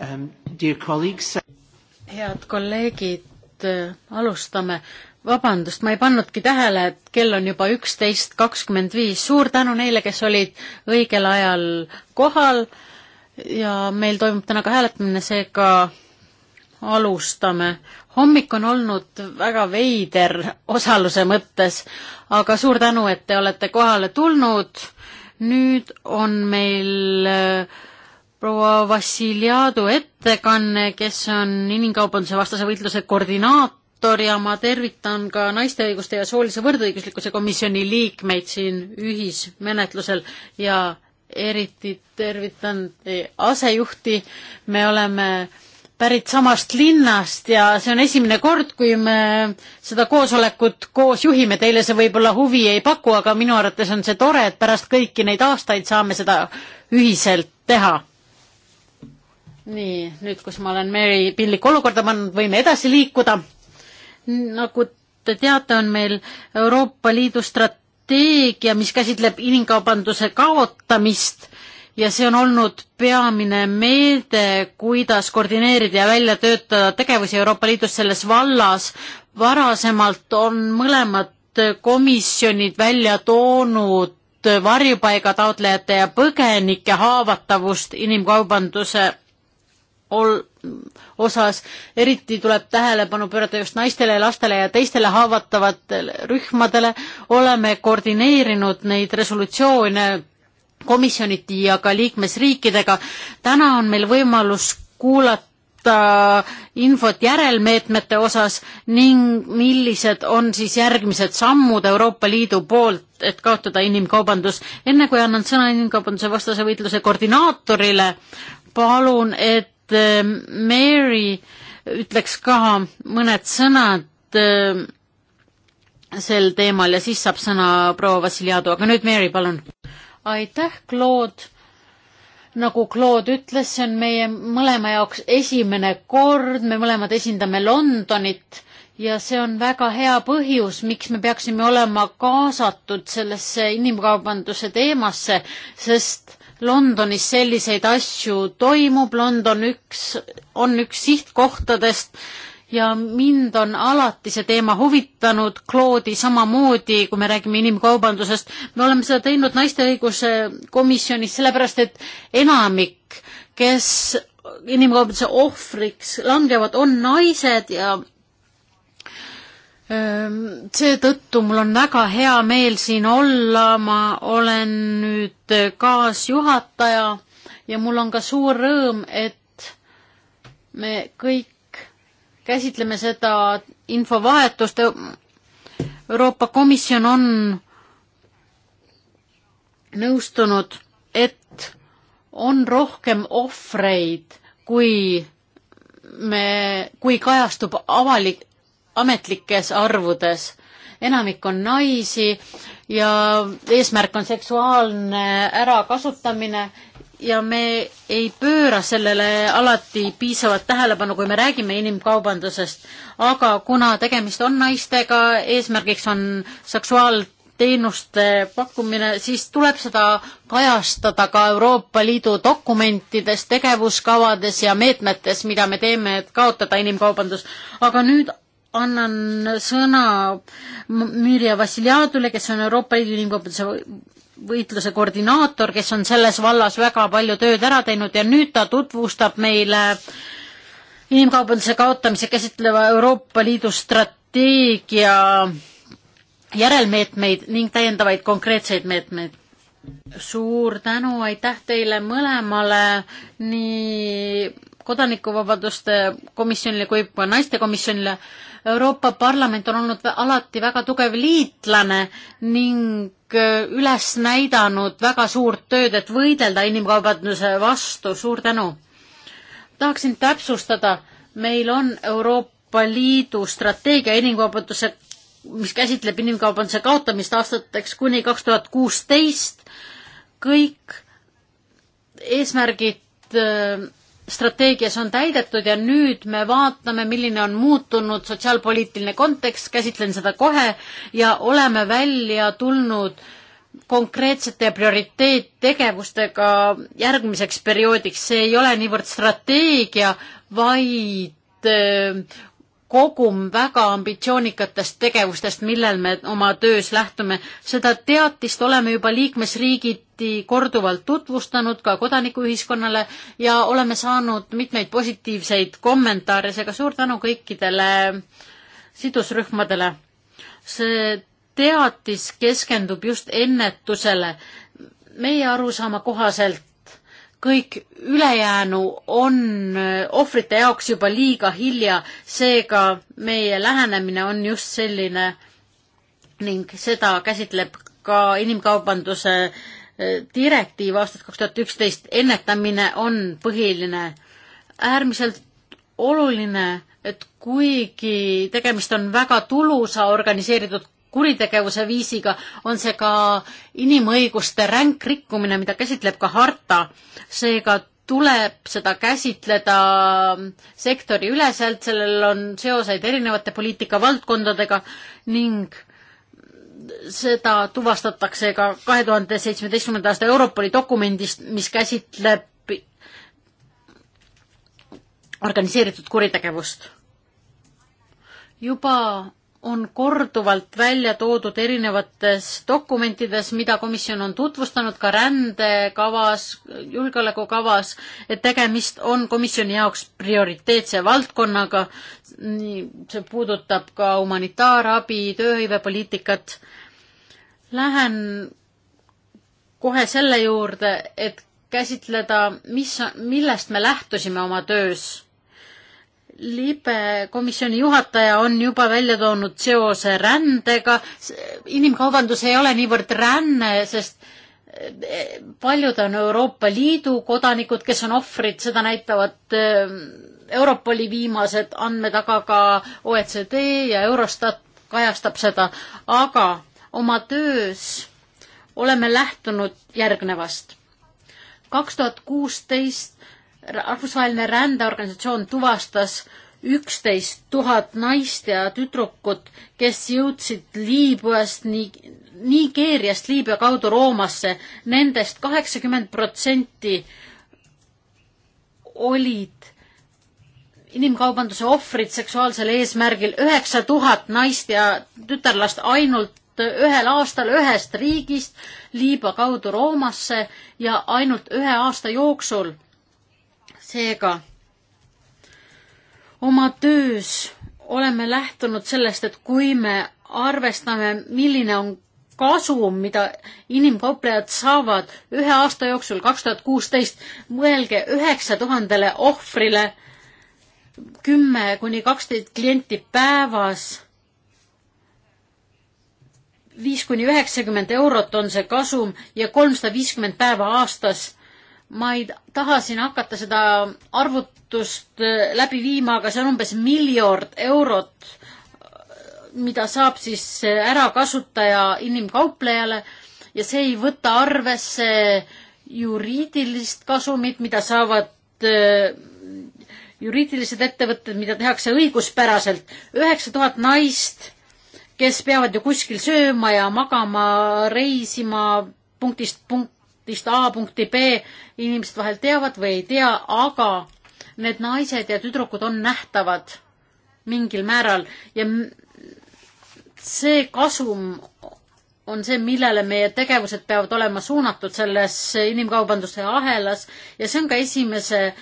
Um, dear colleagues. Uh, head kolleegid, uh, alustame. vabandust, ma ei pannudki tähele, et kell on juba üksteist kakskümmend viis. suur tänu neile, kes olid õigel ajal kohal ja meil toimub täna ka hääletamine, seega alustame. hommik on olnud väga veider osaluse mõttes, aga suur tänu, et te olete kohale tulnud. nüüd on meil äh, proua Vassiljadu ettekanne, kes on inimkaubanduse vastase võitluse koordinaator ja ma tervitan ka naiste õiguste ja soolise võrdõiguslikkuse komisjoni liikmeid siin ühismenetlusel ja eriti tervitan teie asejuhti, me oleme pärit samast linnast ja see on esimene kord, kui me seda koosolekut koos juhime, teile see võib-olla huvi ei paku, aga minu arvates on see tore, et pärast kõiki neid aastaid saame seda ühiselt teha nii, nüüd, kus ma olen Mary pillikku olukorda pannud, võime edasi liikuda. nagu te teate, on meil Euroopa Liidu strateegia, mis käsitleb inimkaubanduse kaotamist ja see on olnud peamine meede, kuidas koordineerida ja välja töötada tegevusi Euroopa Liidus selles vallas. varasemalt on mõlemad komisjonid välja toonud varjupaigataotlejate ja põgenike haavatavust inimkaubanduse ol-, osas, eriti tuleb tähelepanu pöörata just naistele, lastele ja teistele haavatavatele rühmadele, oleme koordineerinud neid resolutsioone komisjoniti ja ka liikmesriikidega. täna on meil võimalus kuulata infot järelmeetmete osas ning millised on siis järgmised sammud Euroopa Liidu poolt, et kaotada inimkaubandus. enne kui annan sõna inimkaubanduse vastase võitluse koordinaatorile, palun, et Äh, Mary ütleks ka mõned sõnad äh, sel teemal ja siis saab sõna proua Vassiljadu, aga nüüd Mary, palun. aitäh, Claude. nagu Claude ütles, see on meie mõlema jaoks esimene kord, me mõlemad esindame Londonit ja see on väga hea põhjus, miks me peaksime olema kaasatud sellesse inimkaubanduse teemasse, sest Londonis selliseid asju toimub, London üks, on üks sihtkohtadest ja mind on alati see teema huvitanud, Claude'i samamoodi, kui me räägime inimkaubandusest, me oleme seda teinud naiste õiguse komisjonis, sellepärast et enamik, kes inimkaubanduse ohvriks langevad, on naised ja Ehm, seetõttu mul on väga hea meel siin olla, ma olen nüüd kaasjuhataja ja mul on ka suur rõõm, et me kõik käsitleme seda infovahetust. Euroopa Komisjon on nõustunud, et on rohkem ohvreid, kui me, kui kajastub avalik, ametlikes arvudes. enamik on naisi ja eesmärk on seksuaalne ärakasutamine ja me ei pööra sellele alati piisavat tähelepanu, kui me räägime inimkaubandusest. aga kuna tegemist on naistega, eesmärgiks on seksuaal- teenuste pakkumine, siis tuleb seda kajastada ka Euroopa Liidu dokumentides, tegevuskavades ja meetmetes, mida me teeme, et kaotada inimkaubandus. aga nüüd annan sõna Mürja Vassiljadule, kes on Euroopa Liidu Inimkaubanduse võitluse koordinaator, kes on selles vallas väga palju tööd ära teinud ja nüüd ta tutvustab meile inimkaubanduse kaotamise käsitleva Euroopa Liidu strateegia järelmeetmeid ning täiendavaid konkreetseid meetmeid. suur tänu, aitäh teile mõlemale, nii kodanikuvabaduste komisjonile kui ka naistekomisjonile Euroopa Parlament on olnud alati väga tugev liitlane ning äh, üles näidanud väga suurt tööd, et võidelda inimkaubanduse vastu, suur tänu! tahaksin täpsustada, meil on Euroopa Liidu strateegia inimkaubanduse, mis käsitleb inimkaubanduse kaotamist aastateks kuni kaks tuhat kuusteist, kõik eesmärgid äh, strateegias on täidetud ja nüüd me vaatame, milline on muutunud sotsiaalpoliitiline kontekst, käsitlen seda kohe ja oleme välja tulnud konkreetsete prioriteettegevustega järgmiseks perioodiks, see ei ole niivõrd strateegia, vaid äh, kogum väga ambitsioonikatest tegevustest, millel me oma töös lähtume. seda teatist oleme juba liikmesriigid projekti korduvalt tutvustanud ka kodanikuühiskonnale ja oleme saanud mitmeid positiivseid kommentaare, seega suur tänu kõikidele sidusrühmadele. see teatis keskendub just ennetusele. meie arusaama kohaselt kõik ülejäänu on ohvrite jaoks juba liiga hilja, seega meie lähenemine on just selline ning seda käsitleb ka inimkaubanduse direktiiv aastast kaks tuhat üksteist, ennetamine on põhiline, äärmiselt oluline, et kuigi tegemist on väga tulusa organiseeritud kuritegevuse viisiga, on see ka inimõiguste ränk rikkumine, mida käsitleb ka harta. seega tuleb seda käsitleda sektoriüleselt, sellel on seoseid erinevate poliitikavaldkondadega ning seda tuvastatakse ka kahe tuhande seitsmeteistkümnenda aasta Europoli dokumendist, mis käsitleb organiseeritud kuritegevust. juba on korduvalt välja toodud erinevates dokumentides, mida komisjon on tutvustanud ka rändekavas, julgeolekukavas, et tegemist on komisjoni jaoks prioriteetse valdkonnaga, nii, see puudutab ka humanitaarabi, tööhõivepoliitikat. Lähen kohe selle juurde, et käsitleda, mis, millest me lähtusime oma töös. libe komisjoni juhataja on juba välja toonud seose rändega, inimkaubandus ei ole niivõrd ränne, sest äh, paljud on Euroopa Liidu kodanikud, kes on ohvrid, seda näitavad ähm, Europoli viimased andmed, aga ka OECD ja Eurostat kajastab seda, aga oma töös oleme lähtunud järgnevast. kaks tuhat kuusteist rahvusvaheline rändeorganisatsioon tuvastas üksteist tuhat naist ja tüdrukut, kes jõudsid Liibüast, Nigeeriast Liibüa kaudu Roomasse nendest. Nendest kaheksakümmend protsenti olid inimkaubanduse ohvrid seksuaalsel eesmärgil, üheksa tuhat naist ja tütarlast ainult ühel aastal ühest riigist Liibüa kaudu Roomasse ja ainult ühe aasta jooksul. seega oma töös oleme lähtunud sellest, et kui me arvestame, milline on kasum, mida inimkauplejad saavad ühe aasta jooksul, kaks tuhat kuusteist, mõelge üheksa tuhandele ohvrile, kümme kuni kaksteist klienti päevas, viis kuni üheksakümmend eurot on see kasum ja kolmsada viiskümmend päeva aastas ma ei taha siin hakata seda arvutust äh, läbi viima, aga see on umbes miljard eurot, äh, mida saab siis äh, ära kasutaja inimkauplejale ja see ei võta arvesse juriidilist kasumit, mida saavad juriidilised ettevõtted, mida tehakse õiguspäraselt. üheksa tuhat naist, kes peavad ju kuskil sööma ja magama, reisima punktist punkti punktist A punkti B inimesed vahel teavad või ei tea, aga need naised ja tüdrukud on nähtavad mingil määral ja see kasum on see, millele meie tegevused peavad olema suunatud selles inimkaubanduse ahelas ja see on ka esimese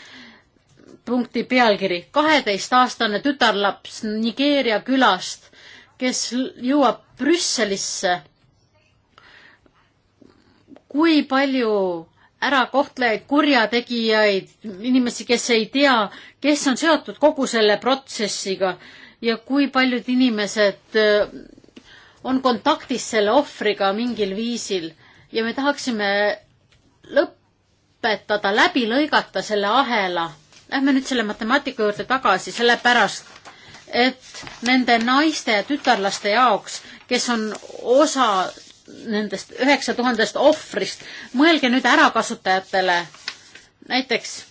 punkti pealkiri. kaheteistaastane tütarlaps Nigeeria külast, kes jõuab Brüsselisse kui palju ärakohtlejaid, kurjategijaid, inimesi, kes ei tea, kes on seotud kogu selle protsessiga ja kui paljud inimesed äh, on kontaktis selle ohvriga mingil viisil ja me tahaksime lõpetada, läbi lõigata selle ahela. Lähme nüüd selle matemaatika juurde tagasi, sellepärast et nende naiste ja tütarlaste jaoks, kes on osa nendest üheksa tuhandest ohvrist. mõelge nüüd ärakasutajatele. näiteks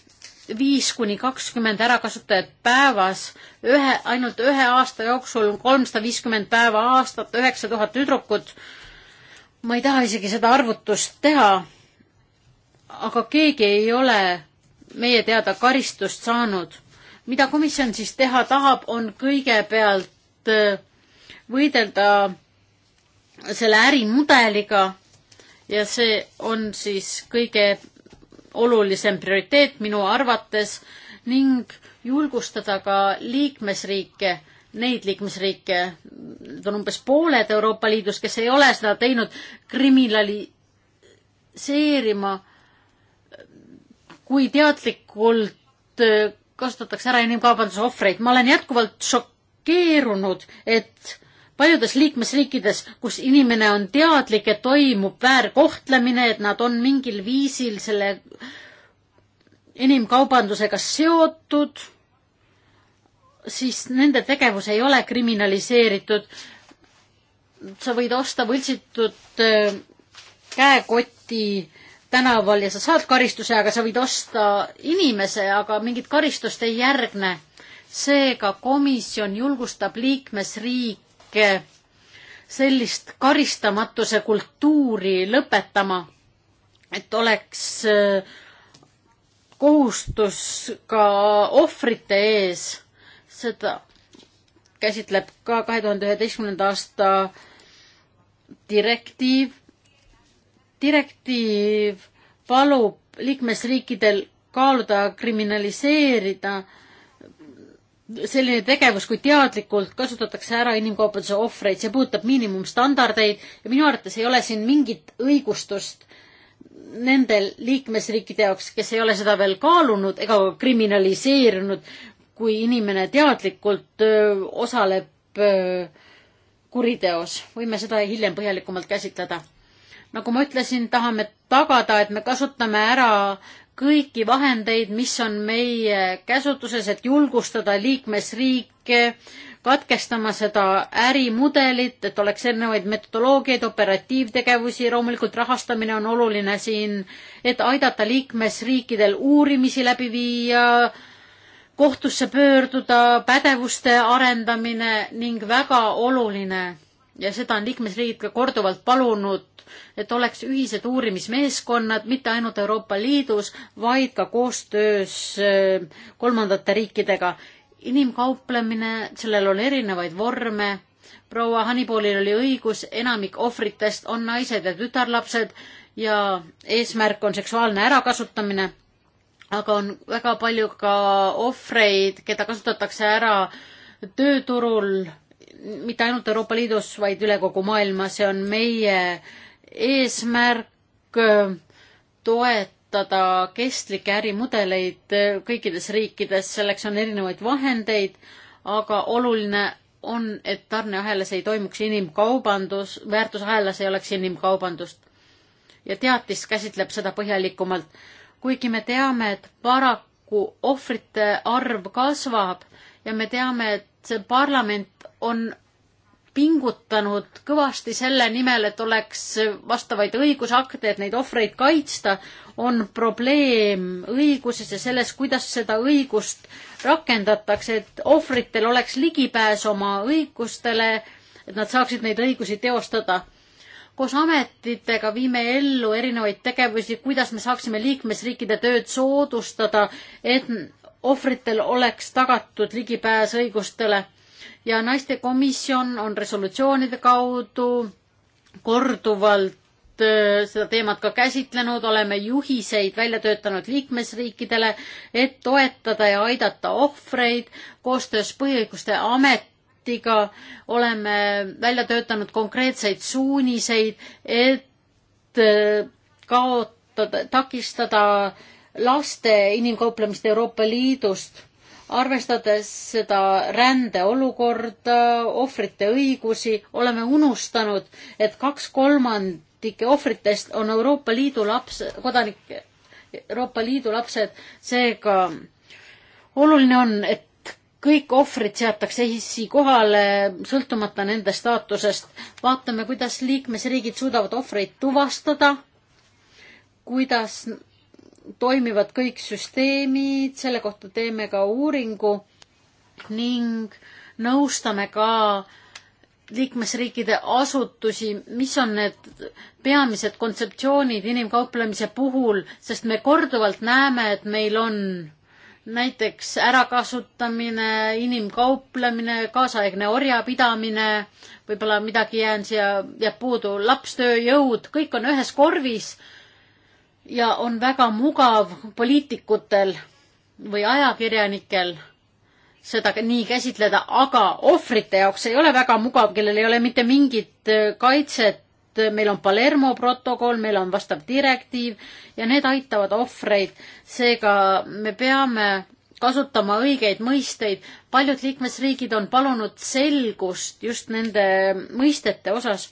viis kuni kakskümmend ärakasutajat päevas, ühe, ainult ühe aasta jooksul kolmsada viiskümmend päeva aastat, üheksa tuhat tüdrukut. ma ei taha isegi seda arvutust teha. aga keegi ei ole meie teada karistust saanud. mida komisjon siis teha tahab, on kõigepealt äh, võidelda selle ärimudeliga ja see on siis kõige olulisem prioriteet minu arvates ning julgustada ka liikmesriike, neid liikmesriike, need on umbes pooled Euroopa Liidus, kes ei ole seda teinud, kriminaliseerima, kui teadlikult äh, kasutatakse ära inimkaubanduse ohvreid. ma olen jätkuvalt šokeerunud, et paljudes liikmesriikides, kus inimene on teadlik, et toimub väärkohtlemine, et nad on mingil viisil selle inimkaubandusega seotud, siis nende tegevus ei ole kriminaliseeritud. sa võid osta võltsitud äh, käekoti tänaval ja sa saad karistuse, aga sa võid osta inimese, aga mingit karistust ei järgne. seega komisjon julgustab liikmesriike hakake sellist karistamatuse kultuuri lõpetama, et oleks äh, kohustus ka ohvrite ees, seda käsitleb ka kahe tuhande üheteistkümnenda aasta direktiiv. direktiiv palub liikmesriikidel kaaluda kriminaliseerida äh, selline tegevus, kui teadlikult kasutatakse ära inimkaubanduse ohvreid, see puudutab miinimumstandardeid ja minu arvates ei ole siin mingit õigustust nendel liikmesriikide jaoks, kes ei ole seda veel kaalunud ega kriminaliseerinud, kui inimene teadlikult osaleb kuriteos, võime seda hiljem põhjalikumalt käsitleda. nagu ma ütlesin, tahame tagada, et me kasutame ära kõiki vahendeid, mis on meie käsutuses, et julgustada liikmesriike katkestama seda ärimudelit, et oleks erinevaid metodoloogiaid, operatiivtegevusi, loomulikult rahastamine on oluline siin, et aidata liikmesriikidel uurimisi läbi viia, kohtusse pöörduda, pädevuste arendamine ning väga oluline ja seda on liikmesriigid ka korduvalt palunud, et oleks ühised uurimismeeskonnad mitte ainult Euroopa Liidus, vaid ka koostöös äh, kolmandate riikidega. inimkauplemine, sellel on erinevaid vorme. proua Hanipoolil oli õigus, enamik ohvritest on naised ja tütarlapsed ja eesmärk on seksuaalne ärakasutamine. aga on väga palju ka ohvreid, keda kasutatakse ära tööturul mitte ainult Euroopa Liidus, vaid üle kogu maailma, see on meie eesmärk äh, toetada kestlikke ärimudeleid äh, kõikides riikides, selleks on erinevaid vahendeid, aga oluline on, et tarneahelas ei toimuks inimkaubandus, väärtusahelas ei oleks inimkaubandust. ja teatis käsitleb seda põhjalikumalt. kuigi me teame, et paraku ohvrite arv kasvab ja me teame, et see parlament on pingutanud kõvasti selle nimel, et oleks vastavaid õigusakte, et neid ohvreid kaitsta, on probleem õiguses ja selles, kuidas seda õigust rakendatakse, et ohvritel oleks ligipääs oma õigustele, et nad saaksid neid õigusi teostada. koos ametitega viime ellu erinevaid tegevusi, kuidas me saaksime liikmesriikide tööd soodustada, et ohvritel oleks tagatud ligipääs õigustele ja naistekomisjon on resolutsioonide kaudu korduvalt äh, seda teemat ka käsitlenud, oleme juhiseid välja töötanud liikmesriikidele, et toetada ja aidata ohvreid. koostöös Põhiõiguste Ametiga oleme välja töötanud konkreetseid suuniseid, et äh, kaotada, takistada äh, laste inimkauplemist Euroopa Liidust, arvestades seda rändeolukorda, ohvrite õigusi, oleme unustanud, et kaks kolmandike ohvritest on Euroopa Liidu laps, kodanike, Euroopa Liidu lapsed, seega oluline on, et kõik ohvrid seatakse esikohale, sõltumata nende staatusest. vaatame, kuidas liikmesriigid suudavad ohvreid tuvastada, kuidas toimivad kõik süsteemid, selle kohta teeme ka uuringu ning nõustame ka liikmesriikide asutusi, mis on need peamised kontseptsioonid inimkauplemise puhul, sest me korduvalt näeme, et meil on näiteks ärakasutamine, inimkauplemine, kaasaegne orjapidamine, võib-olla midagi jään siia, jääb puudu, lapstööjõud, kõik on ühes korvis ja on väga mugav poliitikutel või ajakirjanikel seda nii käsitleda, aga ohvrite jaoks ei ole väga mugav, kellel ei ole mitte mingit äh, kaitset. meil on Palermo protokoll, meil on vastav direktiiv ja need aitavad ohvreid. seega me peame kasutama õigeid mõisteid. paljud liikmesriigid on palunud selgust just nende mõistete osas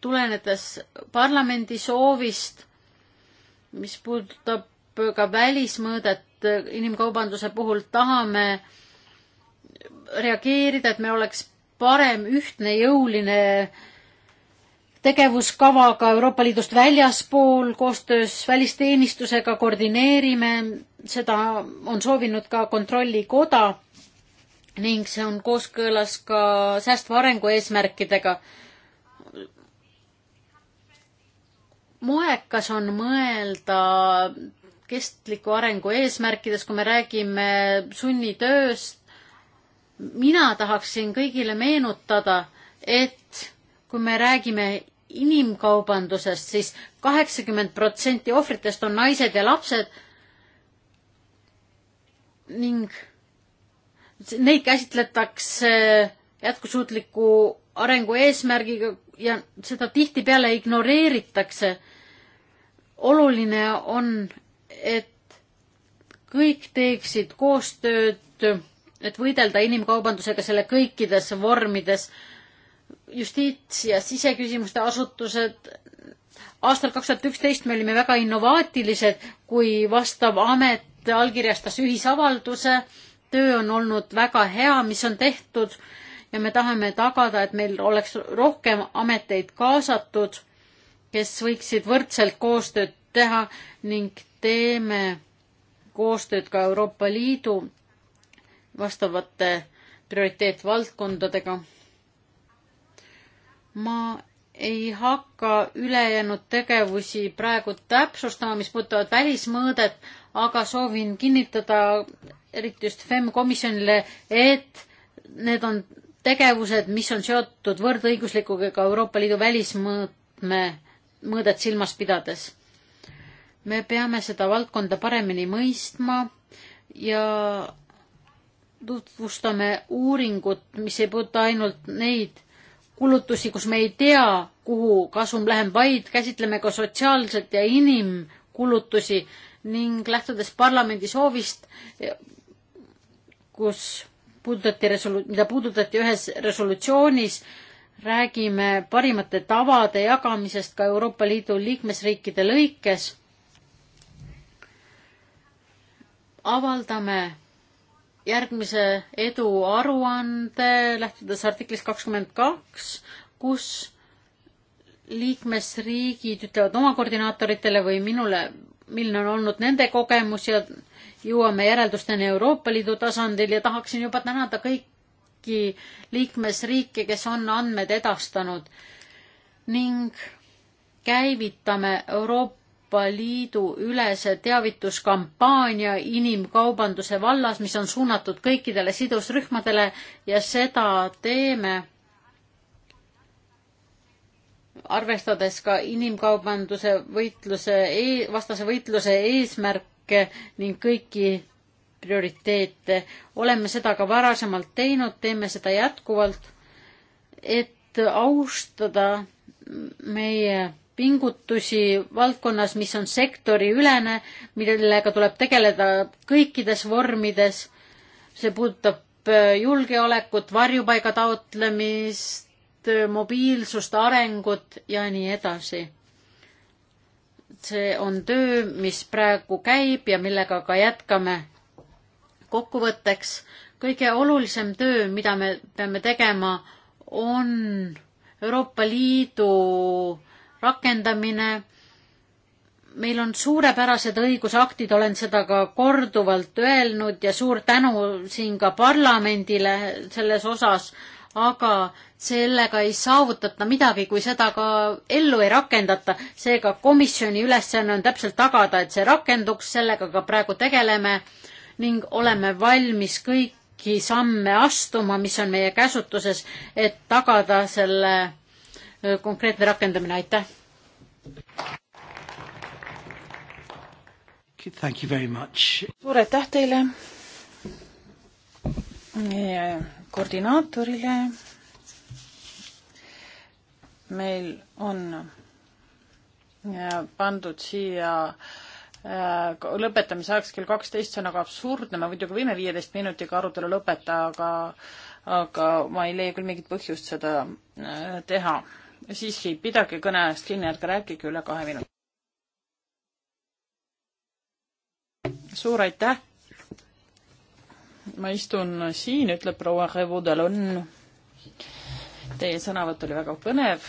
tulenedes parlamendi soovist, mis puudutab ka välismõõdet inimkaubanduse puhul, tahame reageerida, et me oleks parem ühtne jõuline tegevuskava ka Euroopa Liidust väljaspool, koostöös välisteenistusega koordineerime, seda on soovinud ka Kontrollikoda ning see on kooskõlas ka säästva arengu eesmärkidega moekas on mõelda kestliku arengu eesmärkides, kui me räägime sunnitööst. mina tahaksin kõigile meenutada, et kui me räägime inimkaubandusest siis, siis kaheksakümmend protsenti ohvritest on naised ja lapsed ning neid käsitletakse jätkusuutliku arengu eesmärgiga ja seda tihtipeale ignoreeritakse. oluline on, et kõik teeksid koostööd, et võidelda inimkaubandusega selle kõikides vormides. justiits- ja siseküsimuste asutused, aastal kaks tuhat üksteist me olime väga innovaatilised, kui vastav amet allkirjastas ühisavalduse, töö on olnud väga hea, mis on tehtud ja me tahame tagada, et meil oleks rohkem ameteid kaasatud, kes võiksid võrdselt koostööd teha ning teeme koostööd ka Euroopa Liidu vastavate prioriteetvaldkondadega. ma ei hakka ülejäänud tegevusi praegu täpsustama, mis puudutavad välismõõdet, aga soovin kinnitada eriti just FEM komisjonile, et need on tegevused, mis on seotud võrdõiguslikuga ka Euroopa Liidu välismõõtme, mõõdet silmas pidades. me peame seda valdkonda paremini mõistma ja tutvustame uuringut, mis ei puuduta ainult neid kulutusi, kus me ei tea, kuhu kasum läheb, vaid käsitleme ka sotsiaalset ja inimkulutusi ning lähtudes parlamendi soovist, kus puudutati resolu-, mida puudutati ühes resolutsioonis, räägime parimate tavade jagamisest ka Euroopa Liidu liikmesriikide lõikes. avaldame järgmise edu aruande, lähtudes artiklist kakskümmend kaks, kus liikmesriigid ütlevad oma koordinaatoritele või minule milline on olnud nende kogemus ja jõuame järeldusteni Euroopa Liidu tasandil ja tahaksin juba tänada kõiki liikmesriike, kes on andmed edastanud ning käivitame Euroopa Liidu ülese teavituskampaania inimkaubanduse vallas, mis on suunatud kõikidele sidusrühmadele ja seda teeme arvestades ka inimkaubanduse võitluse, e-, vastase võitluse eesmärke ning kõiki prioriteete. oleme seda ka varasemalt teinud, teeme seda jätkuvalt, et austada meie pingutusi valdkonnas, mis on sektoriülene, millega tuleb tegeleda kõikides vormides. see puudutab äh, julgeolekut, varjupaiga taotlemist, mobiilsust, arengut ja nii edasi. see on töö, mis praegu käib ja millega ka jätkame. kokkuvõtteks, kõige olulisem töö, mida me peame tegema, on Euroopa Liidu rakendamine. meil on suurepärased õigusaktid, olen seda ka korduvalt öelnud ja suur tänu siin ka parlamendile selles osas aga sellega ei saavutata midagi, kui seda ka ellu ei rakendata. seega komisjoni ülesanne on täpselt tagada, et see rakenduks, sellega ka praegu tegeleme ning oleme valmis kõiki samme astuma, mis on meie käsutuses, et tagada selle äh, konkreetne rakendamine, aitäh! suur aitäh teile! koordinaatorile. meil on äh, pandud siia äh, lõpetamise ajaks kell kaksteist, see on aga absurdne, me muidugi võime viieteist minutiga arutelu lõpetada, aga aga ma ei leia küll mingit põhjust seda äh, teha. siiski, pidage kõne ajast kinni, ärge rääkige üle kahe minuti. suur aitäh ma istun siin, ütleb proua Revodalon. Teie sõnavõtt oli väga põnev.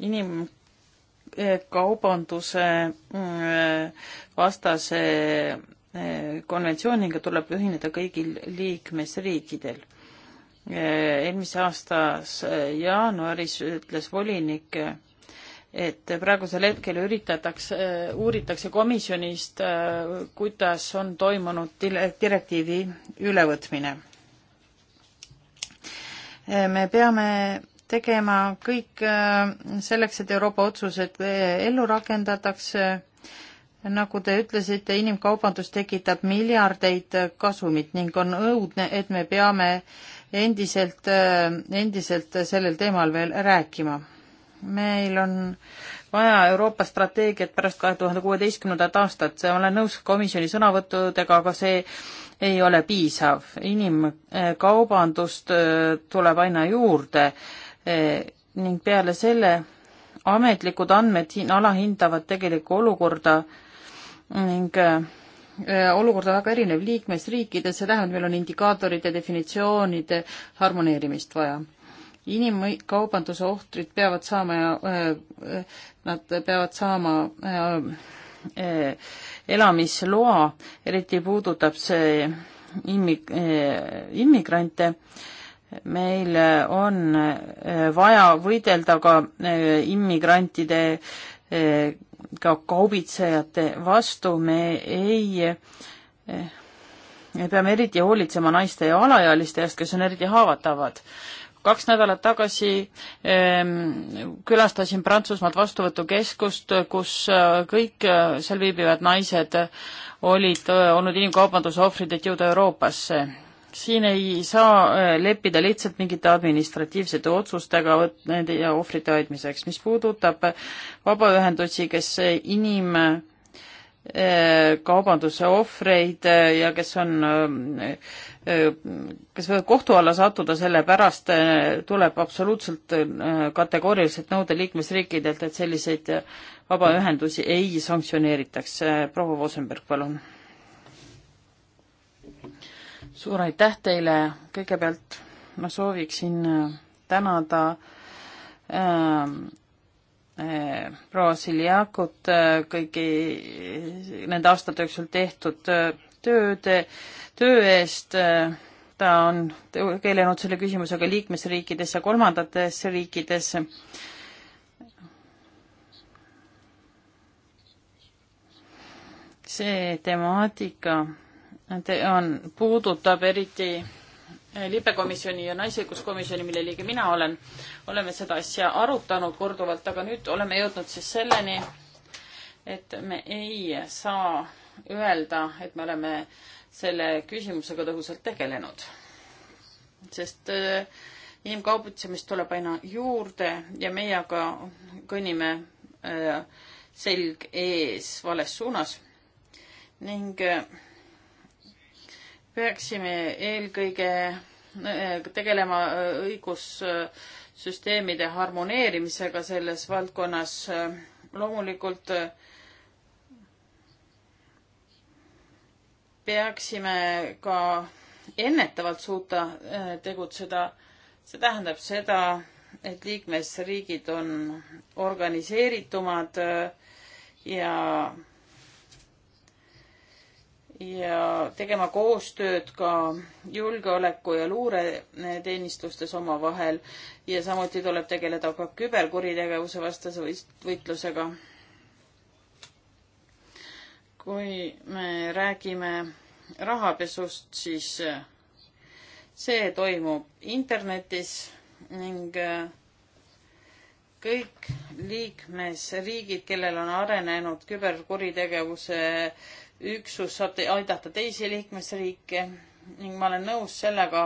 inimkaubanduse eh, mm, vastase eh, konventsiooniga tuleb ühineda kõigil liikmesriikidel. Eh, eelmise aasta jaanuaris ütles volinik et praegusel hetkel üritatakse, uuritakse komisjonist, kuidas on toimunud direktiivi ülevõtmine. me peame tegema kõik äh, selleks, et Euroopa otsused äh, ellu rakendatakse. nagu te ütlesite, inimkaubandus tekitab miljardeid äh, kasumit ning on õudne, et me peame endiselt, endiselt sellel teemal veel rääkima meil on vaja Euroopa strateegiat pärast kahe tuhande kuueteistkümnendat aastat, olen nõus komisjoni sõnavõttudega, aga see ei ole piisav. inimkaubandust äh, tuleb aina juurde äh, ning peale selle ametlikud andmed hin-, alahindavad tegelikku olukorda ning äh, olukord on väga erinev liikmesriikides, see tähendab, meil on indikaatorid ja definitsioonide harmoneerimist vaja inimkaubanduse ohvrid peavad saama ja nad peavad saama elamisloa, eriti puudutab see immig-, immigrante. meil on vaja võidelda ka immigrantide ka kaubitsejate vastu, me ei me peame eriti hoolitsema naiste ja alaealiste eest, kes on eriti haavatavad kaks nädalat tagasi ehm, külastasin Prantsusmaalt vastuvõtukeskust, kus äh, kõik äh, seal viibivad naised olid äh, olnud inimkaubanduse ohvrid, et jõuda Euroopasse. siin ei saa leppida lihtsalt mingite administratiivsete otsustega nende ohvrite hoidmiseks. mis puudutab vabaühendusi, kes inim- Eh, kaubanduse ohvreid eh, ja kes on, eh, kes võivad kohtu alla sattuda, sellepärast tuleb absoluutselt kategooriliselt nõuda liikmesriikidelt, et selliseid vabaühendusi ei sanktsioneeritaks. proua Vosenberg, palun. suur aitäh teile, kõigepealt ma sooviksin tänada äh, proua Siljakut kõigi nende aastate jooksul tehtud äh, tööd, töö eest. Äh, ta on tegelenud selle küsimusega liikmesriikides ja kolmandates riikides see temaatika on, puudutab eriti Eh, libekomisjoni ja naisõiguskomisjoni, mille liige mina olen, oleme seda asja arutanud korduvalt, aga nüüd oleme jõudnud siis selleni, et me ei saa öelda, et me oleme selle küsimusega tõhusalt tegelenud. sest eh, inimkaubitsemist tuleb aina juurde ja meie aga kõnnime eh, selg ees vales suunas ning peaksime eelkõige äh, tegelema äh, õigussüsteemide harmoneerimisega selles valdkonnas. loomulikult äh, peaksime ka ennetavalt suuta tegutseda. see tähendab seda, et liikmesriigid on organiseeritumad ja ja tegema koostööd ka julgeoleku ja luureteenistustes omavahel ja samuti tuleb tegeleda ka küberkuritegevuse vastase võitlusega. kui me räägime rahapesust, siis see toimub internetis ning äh, kõik liikmesriigid, kellel on arenenud küberkuritegevuse üksus saab te aidata teisi liikmesriike ning ma olen nõus sellega,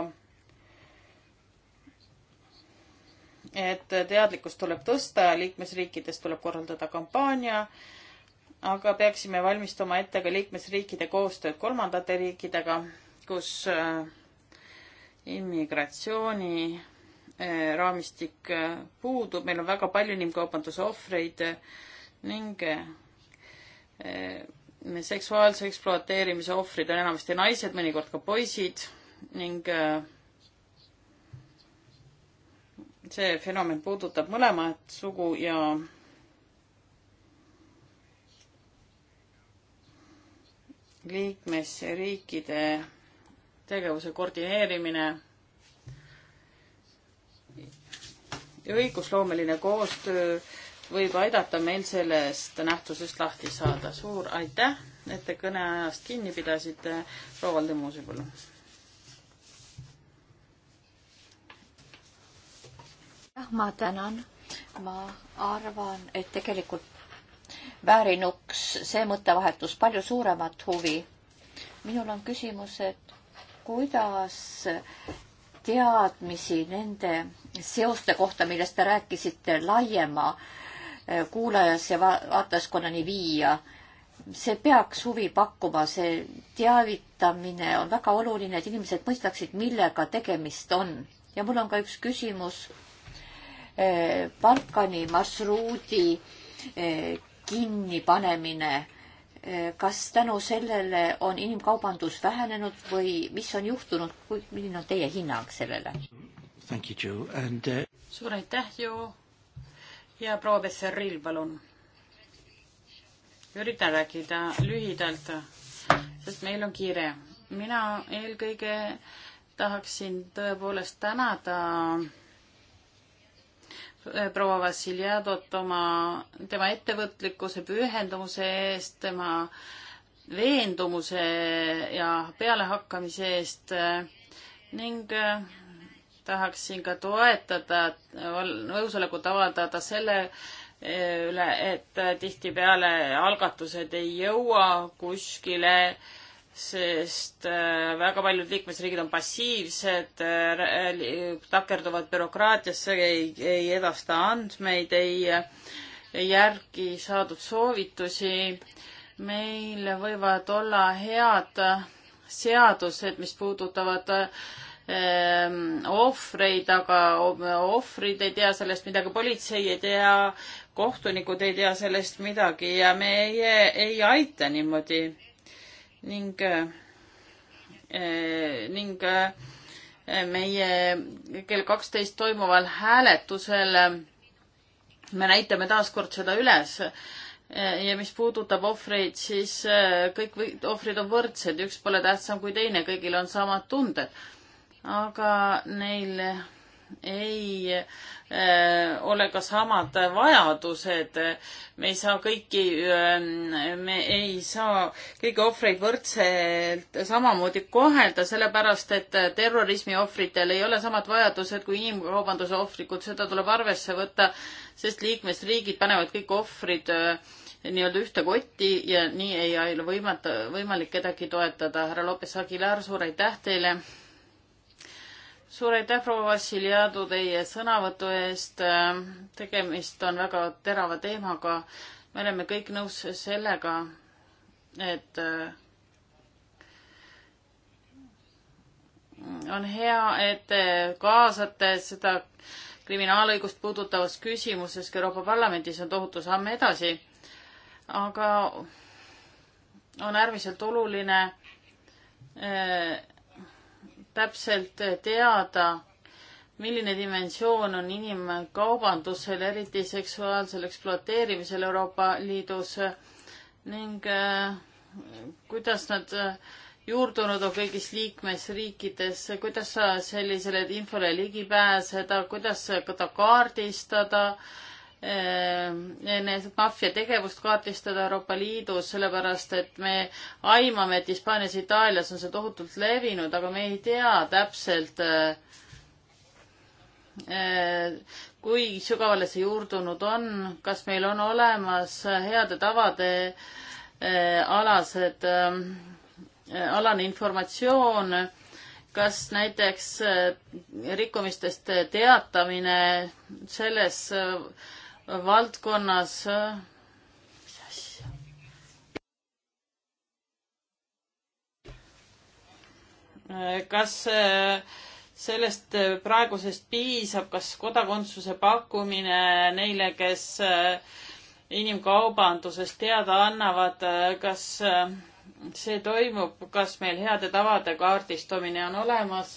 et teadlikkust tuleb tõsta ja liikmesriikides tuleb korraldada kampaania, aga peaksime valmistuma ette ka liikmesriikide koostööd kolmandate riikidega, kus äh, immigratsiooni äh, raamistik äh, puudub, meil on väga palju inimkaubanduse ohvreid ning seksuaalse ekspluateerimise ohvrid on enamasti naised, mõnikord ka poisid ning äh, see fenomen puudutab mõlemat sugu ja liikmesriikide tegevuse koordineerimine ja õigusloomeline koostöö võib aidata meil sellest nähtusest lahti saada. suur aitäh, et te kõneajast kinni pidasite. proua Valdemuusi, palun. jah, ma tänan. ma arvan, et tegelikult väärinuks see mõttevahetus palju suuremat huvi. minul on küsimus, et kuidas teadmisi nende seoste kohta, millest te rääkisite, laiema äh, kuulajas ja va vaatajaskonnani viia. see peaks huvi pakkuma, see teavitamine on väga oluline, et inimesed mõistaksid, millega tegemist on. ja mul on ka üks küsimus Balkani marsruudi eh, kinnipanemine. Eh, kas tänu sellele on inimkaubandus vähenenud või mis on juhtunud, milline on teie hinnang sellele? Uh... suur aitäh, Joo ja proua Besseril, palun. üritan rääkida lühidalt, sest meil on kiire. mina eelkõige tahaksin tõepoolest tänada äh, proua Vassiljadot oma, tema ettevõtlikkuse, pühendumuse eest, tema veendumuse ja pealehakkamise eest äh, ning äh, tahaksin ka toetada, nõusolekut avaldada selle eh, üle, et eh, tihtipeale algatused ei jõua kuskile, sest eh, väga paljud liikmesriigid on passiivsed, takerduvad bürokraatiasse, ei, ei edasta andmeid, ei järgi saadud soovitusi. meil võivad olla head seadused, mis puudutavad äh, Ehm, ohvreid, aga ohvrid ei tea sellest midagi, politsei ei tea, kohtunikud ei tea sellest midagi ja me ei, ei aita niimoodi. ning, eh, eh, ning eh, meie kell kaksteist toimuval hääletusel me näitame taaskord seda üles ja mis puudutab ohvreid, siis kõik ohvrid on võrdsed, üks pole tähtsam kui teine, kõigil on samad tunded aga neil ei äh, ole ka samad vajadused. me ei saa kõiki äh,, me ei saa kõiki ohvreid võrdselt samamoodi kohelda, sellepärast et terrorismi ohvritel ei ole samad vajadused kui inimkaubanduse ohvrikud, seda tuleb arvesse võtta, sest liikmesriigid panevad kõik ohvrid äh, nii-öelda ühte kotti ja nii ei ole võimata, võimalik kedagi toetada. härra Lopes Aguilar, suur aitäh teile suur aitäh, proua Vassiljadu, teie sõnavõtu eest. tegemist on väga terava teemaga. me oleme kõik nõus sellega, et äh, on hea, et te kaasate seda kriminaalõigust puudutavas küsimuses ka Euroopa Parlamendis on tohutu samm edasi. aga on äärmiselt oluline äh, täpselt teada, milline dimensioon on inimkaubandusel, eriti seksuaalsel ekspluateerimisel Euroopa Liidus ning äh, kuidas nad äh, juurdunud on kõigis liikmesriikides, kuidas sellisele infole ligi pääseda, kuidas seda kaardistada ka Ehm, maffia tegevust kaardistada Euroopa Liidus, sellepärast et me aimame, et Hispaanias ja Itaalias on see tohutult levinud, aga me ei tea täpselt, ehm, kui sügavale see juurdunud on, kas meil on olemas heade tavade ehm, alased, alane informatsioon, kas näiteks rikkumistest teatamine selles valdkonnas mis asja? kas eh, sellest eh, praegusest piisab, kas kodakondsuse pakkumine neile, kes eh, inimkaubandusest teada annavad, kas see toimub, kas meil heade tavade kaardistumine on olemas,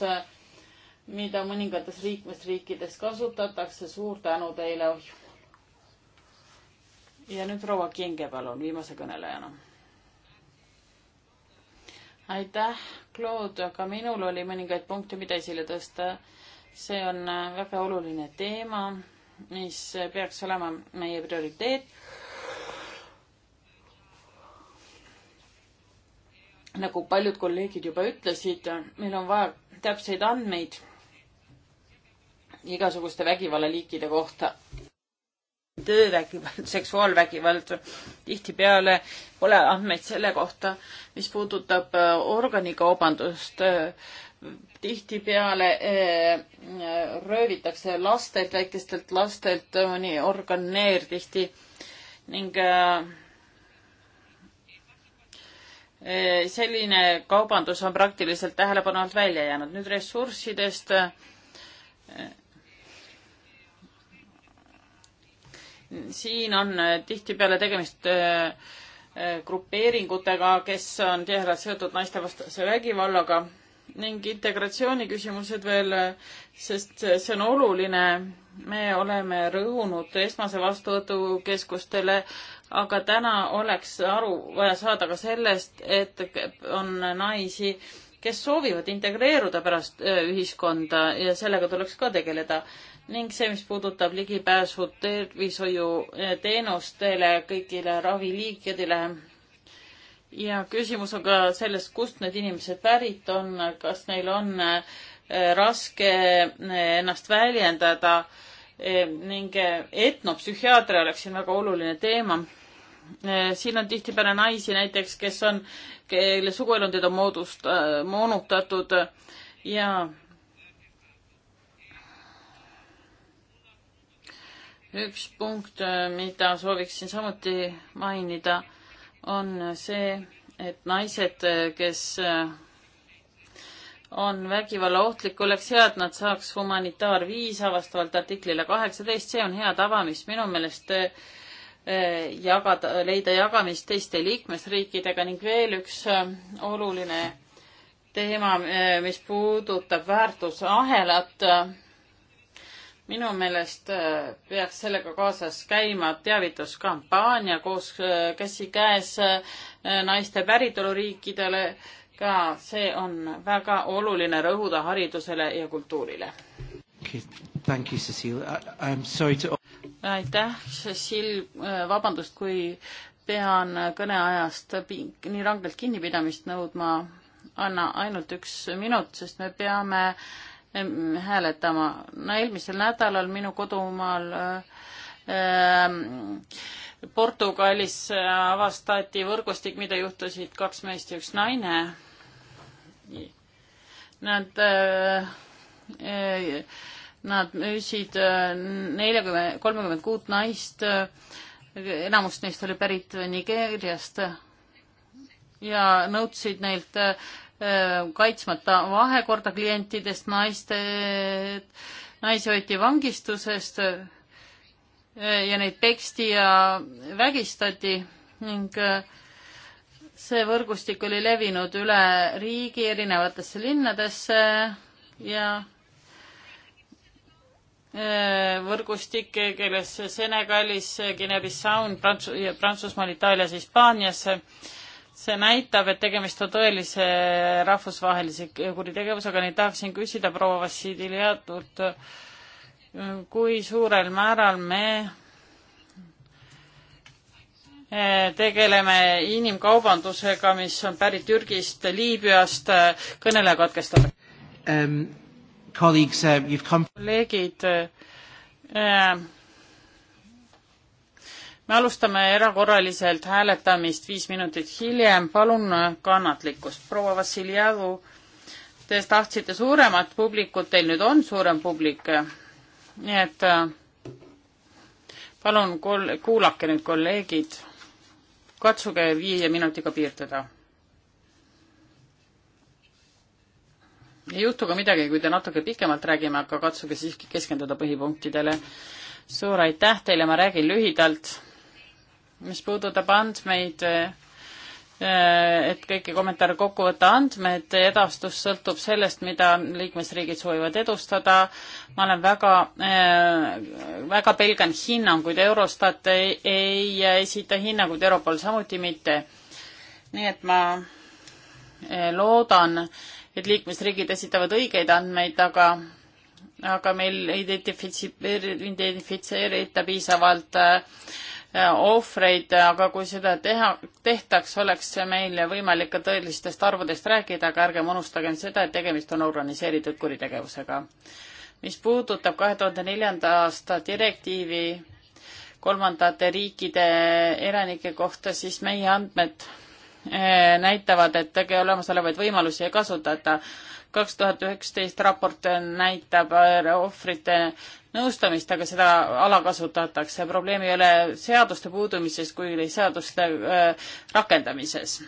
mida mõningates liikmesriikides kasutatakse, suur tänu teile oh, ja nüüd proua Kinge, palun, viimase kõnelejana. aitäh, Claude, aga minul oli mõningaid punkte, mida esile tõsta. see on väga oluline teema, mis peaks olema meie prioriteet. nagu paljud kolleegid juba ütlesid, meil on vaja täpseid andmeid igasuguste vägivallaliikide kohta töövägivald, seksuaalvägivald. tihtipeale pole andmeid selle kohta, mis puudutab äh, organikaubandust. tihtipeale äh, röövitakse lastelt, väikestelt lastelt äh, nii organeer tihti ning selline kaubandus on praktiliselt tähelepanu alt välja jäänud. nüüd ressurssidest siin on äh, tihtipeale tegemist äh, äh, grupeeringutega, kes on tihedalt seotud naistevastase vägivallaga ning integratsiooni küsimused veel, sest see on oluline. me oleme rõhunud esmase vastuvõtukeskustele, aga täna oleks aru vaja saada ka sellest, et on naisi, kes soovivad integreeruda pärast ühiskonda ja sellega tuleks ka tegeleda ning see, mis puudutab ligipääsu tervishoiuteenustele, eh, kõigile raviliikidele. ja küsimus on ka selles, kust need inimesed pärit on, kas neil on eh, raske eh, ennast väljendada ning etnopsühhiaatria oleks siin väga oluline teema. siin on tihtipeale naisi näiteks, kes on, kelle suguelundid on moodust-, moonutatud ja üks punkt, mida sooviksin samuti mainida, on see, et naised, kes on vägivalla ohtlik, oleks hea, et nad saaks humanitaarviisa vastavalt artiklile kaheksateist, see on hea tava, mis minu meelest eh, jagada, leida jagamist teiste liikmesriikidega ning veel üks eh, oluline teema, eh, mis puudutab väärtusahelat minu meelest äh, peaks sellega kaasas käima teavituskampaania koos äh, käsikäes äh, naiste päritoluriikidele. ka see on väga oluline rõhuda haridusele ja kultuurile. Thank you, Cecile. I am sorry to. aitäh, Cecile, vabandust, kui pean kõneajast nii rangelt kinnipidamist nõudma. anna ainult üks minut, sest me peame äh, hääletama. no eelmisel nädalal minu kodumaal äh, ähm, Portugalis äh, avastati võrgustik, mida juhtusid kaks meest ja üks naine. Nad äh, Nad müüsid neljakümmend, kolmekümmend kuut naist, enamus neist oli pärit Nigeeriast ja nõudsid neilt Äh, kaitsmata vahekorda klientidest, naiste, naisi hoiti vangistusest äh, ja neid peksti ja vägistati ning äh, see võrgustik oli levinud üle riigi erinevatesse linnadesse ja võrgustik, kellest Senegalis, Guinea-Bissau, Prantsusmaal, Itaalias, Hispaanias see näitab, et tegemist on tõelise rahvusvahelise kuritegevusega, nii tahaksin küsida proua Vassiljatult, kui suurel määral me eh, tegeleme inimkaubandusega, mis on pärit Türgist, Liibüast, kõneleja katkestab um,. Uh, kolleegid uh,, me alustame erakorraliselt hääletamist viis minutit hiljem, palun kannatlikkust. proua Vassiljevu, te tahtsite suuremat publikut, teil nüüd on suurem publik, nii et palun kol-, kuulake nüüd kolleegid, katsuge viie minutiga piirduda. ei juhtu ka midagi, kui te natuke pikemalt räägime, aga katsuge siiski keskenduda põhipunktidele. suur aitäh teile, ma räägin lühidalt mis puudutab andmeid, et kõiki kommentaare kokku võtta, andmete edastus sõltub sellest, mida liikmesriigid soovivad edustada. ma olen väga, äh, väga pelgan hinnanguid, Eurostat ei, ei esita hinnanguid, Europol samuti mitte. nii et ma äh, loodan, et liikmesriigid esitavad õigeid andmeid, aga aga meil identifitsi-, identifitseerita piisavalt äh, ohvreid, aga kui seda teha, tehtaks, oleks meil võimalik ka tõelistest arvudest rääkida, aga ärgem unustagem seda, et tegemist on organiseeritud kuritegevusega. mis puudutab kahe tuhande neljanda aasta direktiivi kolmandate riikide elanike kohta, siis meie andmed Eh, näitavad, et olemasolevaid võimalusi ei kasutata. kaks tuhat üheksateist raport näitab eh, ohvrite nõustamist, aga seda alakasutatakse. probleem ei ole seaduste puudumises, kuid seaduste eh, rakendamises.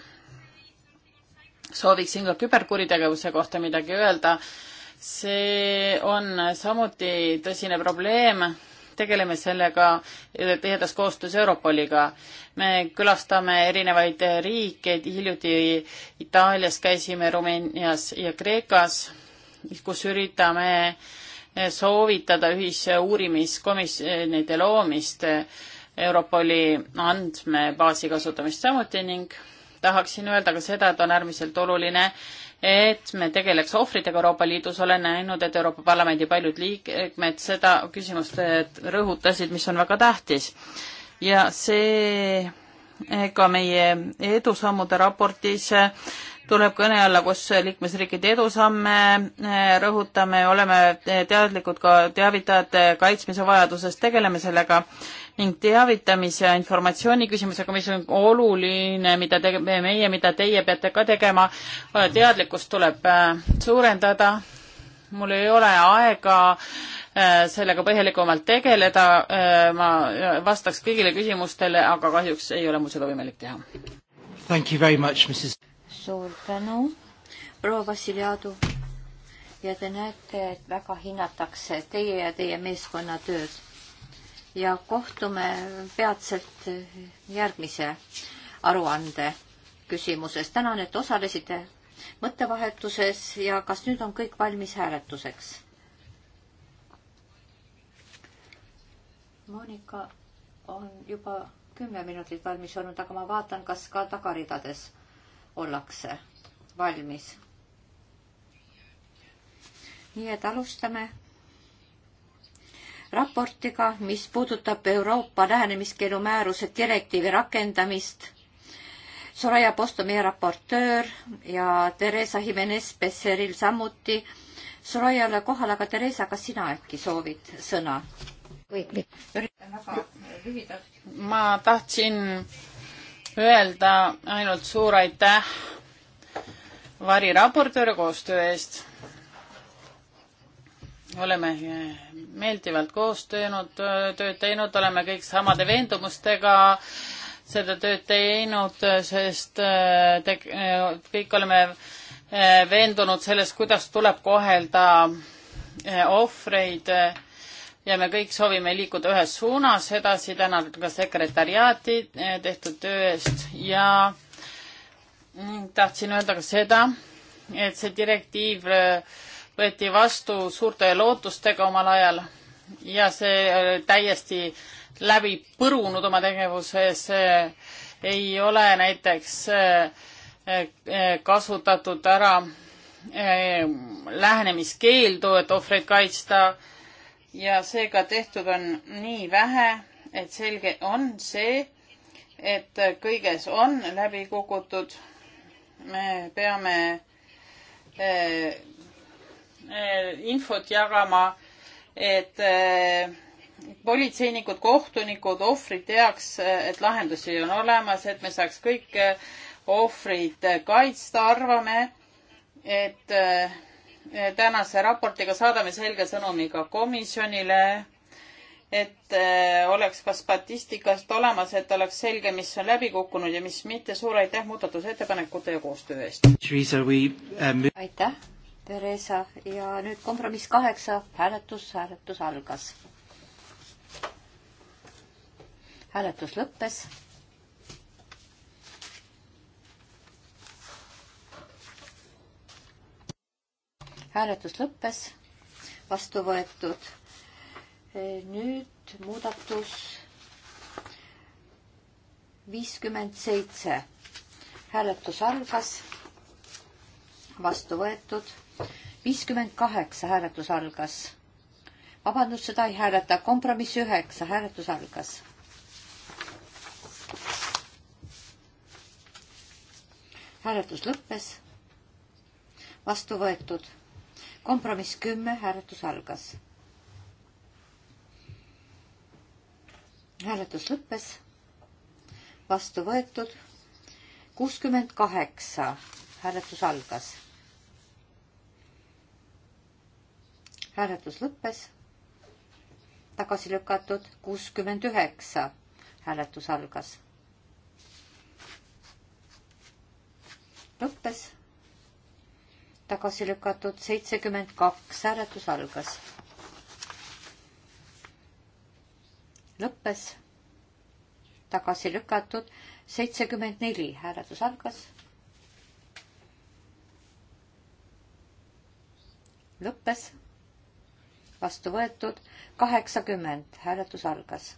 sooviksin ka küberkuritegevuse kohta midagi öelda. see on samuti tõsine probleem tegeleme sellega tihedas koostöös Europoliga. me külastame erinevaid riike, hiljuti Itaalias käisime, Rumeenias ja Kreekas, kus üritame soovitada ühise uurimiskomisjonide loomist, Europoli andmebaasi kasutamist samuti ning tahaksin öelda ka seda, et on äärmiselt oluline, et me tegeleks ohvritega Euroopa Liidus, olen näinud, et Euroopa Parlamendi paljud liikmed seda küsimust rõhutasid, mis on väga tähtis. ja see eh, ka meie edusammude raportis eh, tuleb kõne alla, kus liikmesriikide edusamme eh, rõhutame, oleme eh, teadlikud ka teavitajate kaitsmise vajadusest, tegeleme sellega ning teavitamise ja informatsiooni küsimusega, mis on oluline, mida teeme meie, mida teie peate ka tegema, eh, teadlikkust tuleb suurendada, mul ei ole aega sellega põhjalikumalt tegeleda, ma vastaks kõigile küsimustele, aga kahjuks ei ole mul seda võimalik teha. Thank you very much, Mrs suur tänu, proua Vassiljadu. ja te näete, et väga hinnatakse teie ja teie meeskonna tööd. ja kohtume peatselt järgmise aruande küsimuses. tänan, et osalesite mõttevahetuses ja kas nüüd on kõik valmis hääletuseks? Monika on juba kümme minutit valmis olnud, aga ma vaatan, kas ka tagaridades ollakse valmis. nii et alustame raportiga, mis puudutab Euroopa lähenemiskeelu määruse direktiivi rakendamist. Soraya Posto, meie raportöör ja Theresa Jimenez Besseril samuti. Sorayale kohal, aga Theresa, kas sina äkki soovid sõna? üritan väga lühidalt. ma tahtsin öelda ainult suur aitäh variraportööri koostöö eest. oleme meeldivalt koos töönud, tööd teinud, oleme kõik samade veendumustega seda tööd teinud, sest äh, te, äh, kõik oleme äh, veendunud selles, kuidas tuleb kohelda ohvreid ja me kõik soovime liikuda ühes suunas edasi, tänan ka sekretäriaati eh, tehtud töö eest ja tahtsin öelda ka seda, et see direktiiv eh, võeti vastu suurte lootustega omal ajal ja see eh, täiesti läbi põrunud oma tegevuses, ei ole näiteks kasutatud ära lähenemiskeeldu, et ohvreid kaitsta ja seega tehtud on nii vähe, et selge on see, et kõiges on läbi kukutud. me peame eh, eh infot jagama, et eh, politseinikud, kohtunikud, ohvrid teaks, eh, et lahendusi on olemas, et me saaks kõik eh, ohvrid kaitsta, arvame, et eh, tänase raportiga saadame selge sõnumi ka komisjonile, et eh, oleks ka statistikast olemas, et oleks selge, mis on läbi kukkunud ja mis mitte. suur aitäh muudatusettepanekute ja koostöö eest. Eh, aitäh, Theresa ja nüüd kompromiss kaheksa, hääletus, hääletus algas. hääletus lõppes hääletus lõppes, vastu võetud. E, nüüd muudatus viiskümmend seitse. hääletus algas, vastu võetud. viiskümmend kaheksa hääletus algas. vabandust, seda ei hääleta, kompromiss üheksa, hääletus algas. hääletus lõppes, vastu võetud kompromiss kümme, hääletus algas. hääletus lõppes. vastu võetud. kuuskümmend kaheksa, hääletus algas. hääletus lõppes. tagasi lükatud kuuskümmend üheksa, hääletus algas lõppes tagasi lükatud, seitsekümmend kaks, hääletus algas. lõppes, tagasi lükatud, seitsekümmend neli, hääletus algas. lõppes, vastu võetud, kaheksakümmend, hääletus algas.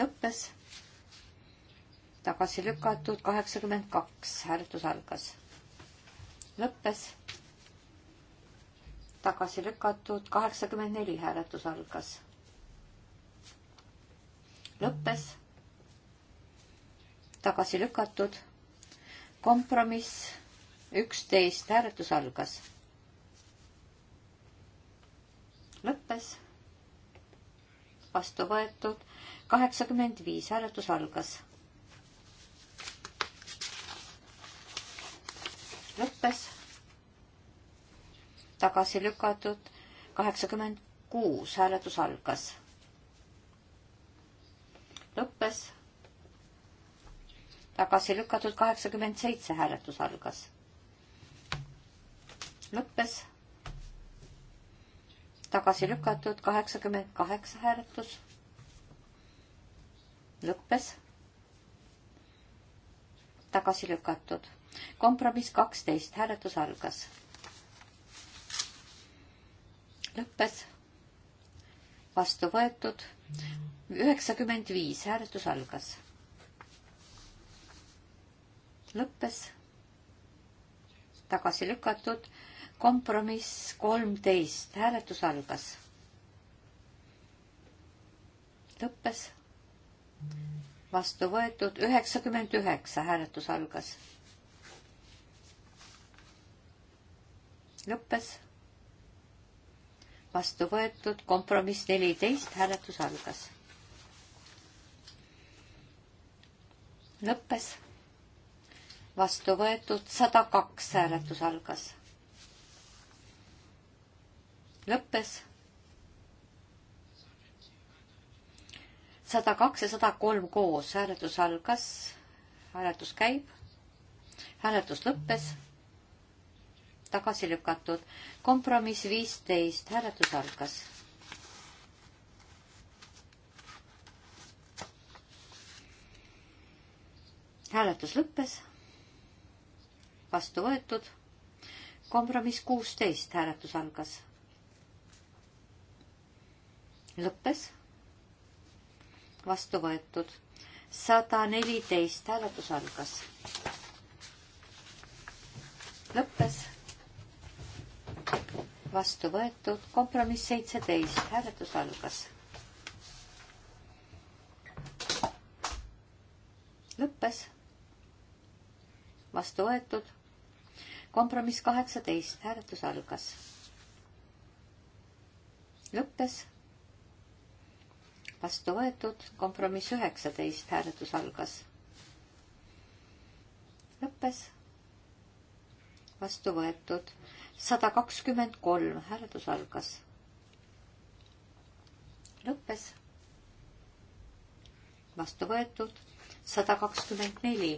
lõppes, tagasi lükatud, kaheksakümmend kaks, hääletus algas lõppes. tagasi lükatud, kaheksakümmend neli hääletus algas. lõppes. tagasi lükatud, kompromiss üksteist, hääletus algas. lõppes. vastu võetud, kaheksakümmend viis, hääletus algas lõppes. tagasi lükatud kaheksakümmend kuus, hääletus algas. lõppes. tagasi lükatud kaheksakümmend seitse, hääletus algas. lõppes. tagasi lükatud kaheksakümmend kaheksa, hääletus lõppes tagasi lükatud kompromiss kaksteist, hääletus algas. lõppes. vastu võetud. üheksakümmend viis, hääletus algas. lõppes. tagasi lükatud. kompromiss kolmteist, hääletus algas. lõppes vastu võetud üheksakümmend üheksa, hääletus algas lõppes. vastu võetud kompromiss neliteist, hääletus algas. lõppes. vastu võetud sada kaks, hääletus algas. lõppes. sada kaks ja sada kolm koos, hääletus algas, hääletus käib, hääletus lõppes mm -hmm tagasi lükatud. kompromiss viisteist, hääletus algas. hääletus lõppes. vastu võetud. kompromiss kuusteist, hääletus algas. lõppes. vastu võetud. sada neliteist, hääletus algas. lõppes vastu võetud, kompromiss seitseteist, hääletus algas. lõppes, vastu võetud, kompromiss kaheksateist, hääletus algas. lõppes, vastu võetud, kompromiss üheksateist, hääletus algas. lõppes, vastu võetud sada kakskümmend kolm, hääletus algas. lõppes. vastu võetud sada kakskümmend neli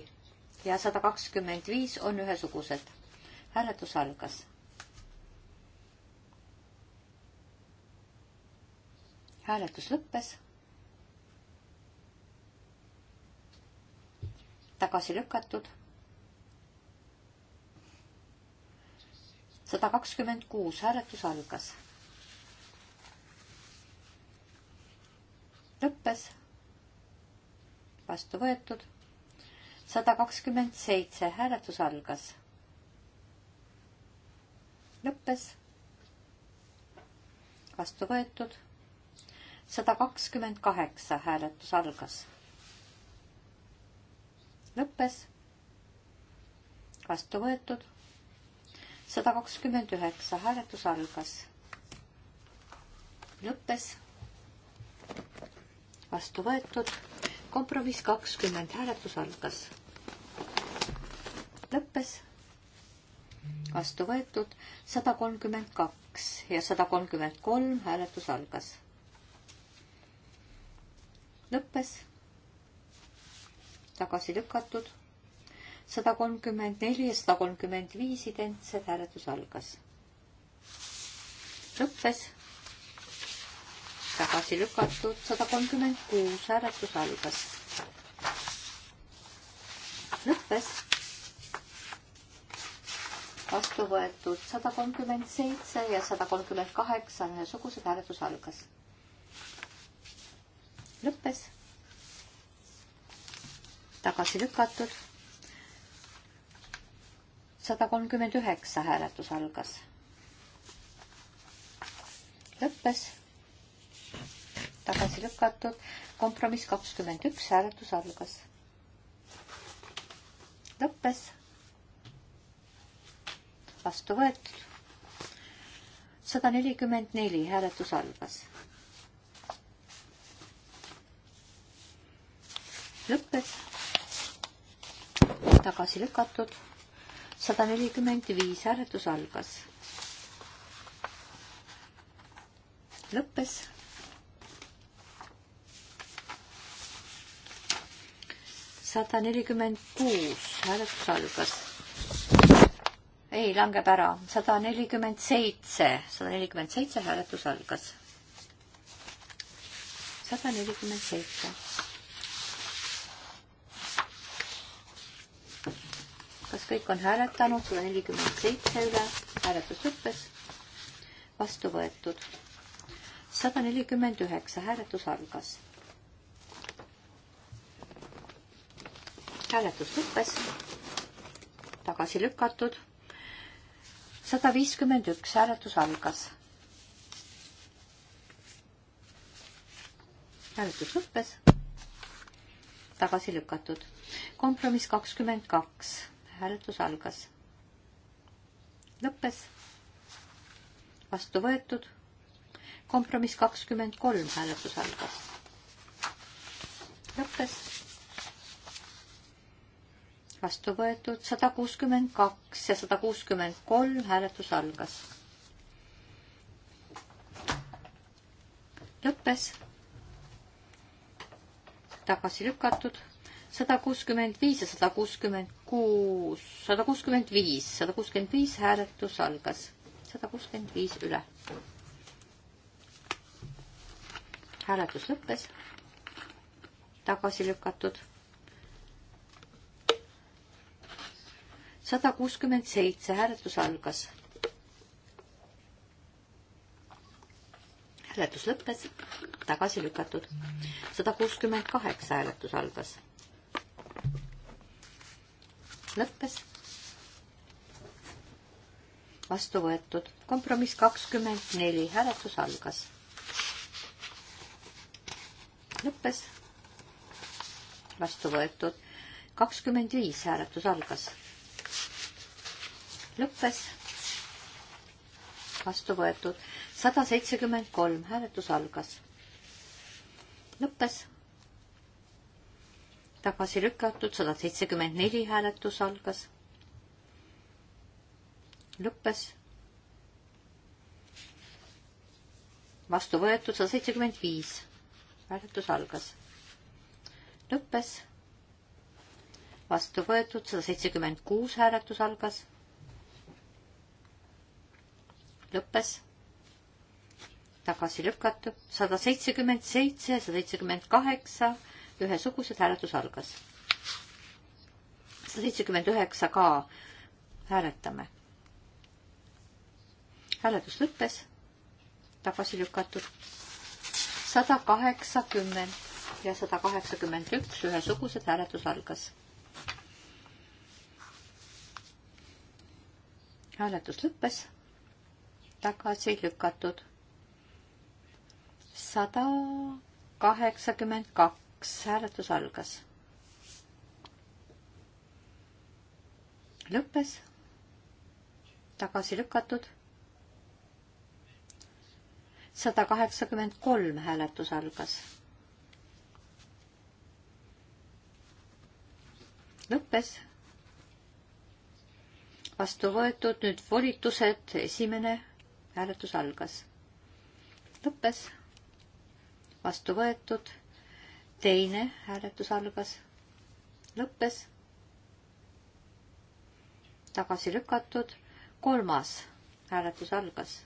ja sada kakskümmend viis on ühesugused. hääletus algas. hääletus lõppes. tagasi lükatud sada kakskümmend kuus, hääletus algas. lõppes. vastu võetud. sada kakskümmend seitse, hääletus algas. lõppes. vastu võetud. sada kakskümmend kaheksa, hääletus algas. lõppes. vastu võetud sada kakskümmend üheksa, hääletus algas. lõppes. vastu võetud. kompromiss kakskümmend, hääletus algas. lõppes. vastu võetud sada kolmkümmend kaks ja sada kolmkümmend kolm, hääletus algas. lõppes. tagasi lükatud sada kolmkümmend neli ja sada kolmkümmend viis identsed, hääletus algas. lõppes. tagasi lükatud, sada kolmkümmend kuus, hääletus algas. lõppes. vastu võetud sada kolmkümmend seitse ja sada kolmkümmend kaheksa on ühesugused, hääletus algas. lõppes tagasi lükatud sada kolmkümmend üheksa hääletus algas. lõppes. tagasi lükatud. kompromiss kakskümmend üks hääletus algas. lõppes. vastu võetud. sada nelikümmend neli hääletus algas. lõppes. tagasi lükatud sada nelikümmend viis, hääletus algas. lõppes. sada nelikümmend kuus, hääletus algas. ei, langeb ära, sada nelikümmend seitse, sada nelikümmend seitse, hääletus algas. sada nelikümmend seitse kõik on hääletanud, sada nelikümmend seitse üle, hääletus lõppes, vastu võetud. sada nelikümmend üheksa, hääletus algas. hääletus lõppes, tagasi lükatud. sada viiskümmend üks, hääletus algas. hääletus lõppes, tagasi lükatud. kompromiss kakskümmend kaks hääletus algas. lõppes. vastu võetud. kompromiss kakskümmend kolm, hääletus algas. lõppes. vastu võetud sada kuuskümmend kaks ja sada kuuskümmend kolm, hääletus algas. lõppes. tagasi lükatud sada kuuskümmend viis ja sada kuuskümmend kuus, sada kuuskümmend viis, sada kuuskümmend viis hääletus algas, sada kuuskümmend viis üle. hääletus lõppes, tagasi lükatud. sada kuuskümmend seitse, hääletus algas. hääletus lõppes, tagasi lükatud. sada kuuskümmend kaheksa hääletus algas lõppes. vastu võetud. kompromiss kakskümmend neli, hääletus algas. lõppes. vastu võetud. kakskümmend viis, hääletus algas. lõppes. vastu võetud. sada seitsekümmend kolm, hääletus algas. lõppes tagasi lükatud, sada seitsekümmend neli hääletus algas, lõppes, vastu võetud sada seitsekümmend viis, hääletus algas, lõppes, vastu võetud sada seitsekümmend kuus, hääletus algas, lõppes tagasi lükatud, sada seitsekümmend seitse, sada seitsekümmend kaheksa ühesugused, hääletus algas. sada seitsekümmend üheksa ka hääletame. hääletus lõppes, tagasi lükatud. sada kaheksakümmend ja sada kaheksakümmend üks ühesugused, hääletus algas. hääletus lõppes, tagasi lükatud. sada kaheksakümmend kaks kaks hääletus algas. lõppes. tagasi lükatud. sada kaheksakümmend kolm hääletus algas. lõppes. vastu võetud, nüüd volitused, esimene hääletus algas. lõppes. vastu võetud teine hääletus algas, lõppes, tagasi lükatud, kolmas hääletus algas.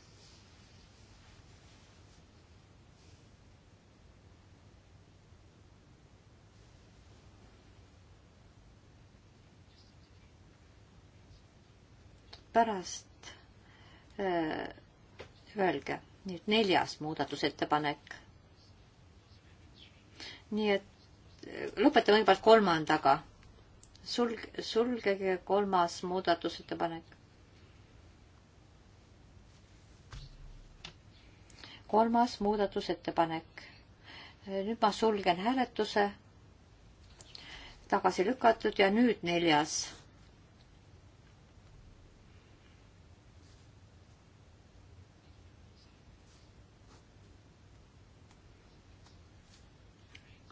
pärast öö, äh, öelge nüüd neljas muudatusettepanek nii et eh, lõpetame kõigepealt kolmandaga. sulg, sulgege kolmas muudatusettepanek. kolmas muudatusettepanek. Eh, nüüd ma sulgen hääletuse. tagasi lükatud ja nüüd neljas